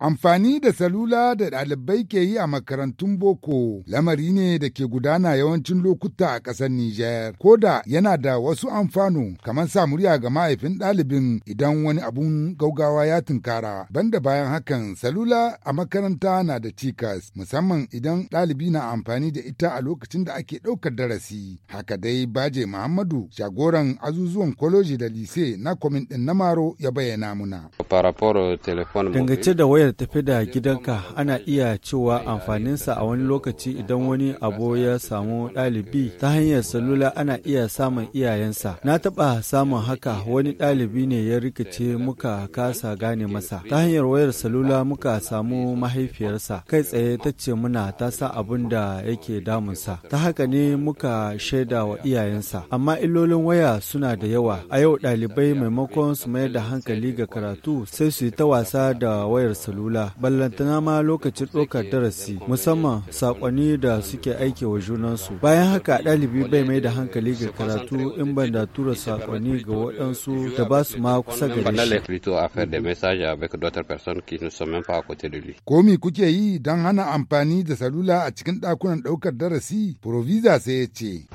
Amfani da salula da ɗalibai ke yi a makarantun boko lamari ne da ke gudana yawancin lokuta a ƙasar Nijar, ko da yana da wasu amfano kamar sa murya ga mahaifin ɗalibin idan wani abun gaugawa ya tunkara. Banda bayan hakan, salula a makaranta na da cikas, musamman idan ɗalibi na amfani da ita a lokacin da ake ɗaukar darasi. Haka dai Baje Muhammadu, jagoran azuzuwan kwaloji da lise na kwamin ɗin na Maro ya bayyana muna. da wayar da tafi da gidanka ana iya cewa amfaninsa a wani lokaci idan wani abu ya samu ɗalibi ta hanyar salula ana iya samun iyayensa. Na taɓa samun haka wani ɗalibi ne ya rikice muka kasa gane masa. Ta hanyar wayar salula muka samu mahaifiyarsa kai tsaye ta ce muna ta sa abin da yake damunsa. Ta haka ne muka shaida wa iyayensa. Amma illolin waya suna da yawa. A yau ɗalibai maimakon su mayar da hankali ga karatu sai su yi ta wasa da wayar salula. salula ballantana ma lokacin ɗaukar darasi musamman sakonni da suke aiki wa junansu bayan haka ɗalibi bai mai da hankali ga karatu in ban da tura sakonni ga waɗansu da ba su ma kusa gare shi komi kuke yi don hana amfani da salula a cikin ɗakunan ɗaukar darasi provisa sai ya ce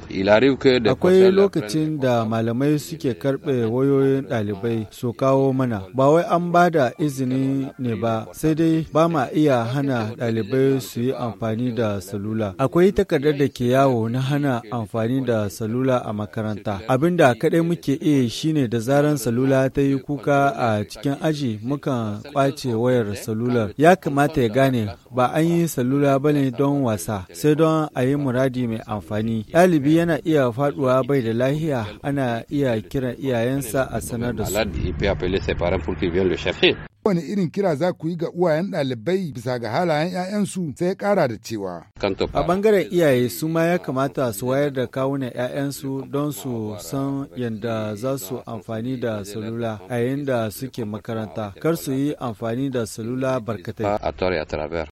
akwai lokacin da malamai suke karɓe wayoyin ɗalibai su kawo mana ba wai an ba da izini ne ba sai dai ba ma iya hana ɗalibai su yi amfani da salula. Akwai takardar da ke yawo na hana amfani da salula a makaranta. Abin da kaɗai muke iya shine da zaran salula ta yi kuka a cikin aji mukan ƙwace wayar salular. Ya kamata ya gane ba an yi salula ba ne don wasa, sai don a yi muradi mai amfani. Ɗalibi yana iya faɗuwa bai da lahiya ana iya kiran iyayensa a sanar da su. wani irin kira za ku yi ga uwayen ɗalibai bisa ga halayen 'ya'yansu sai ya ƙara da cewa. A bangaren iyaye su ma ya kamata su wayar da kawunan 'ya'yansu don su san yadda za su amfani da salula a yayin da suke makaranta kar su yi amfani da salula barkatai.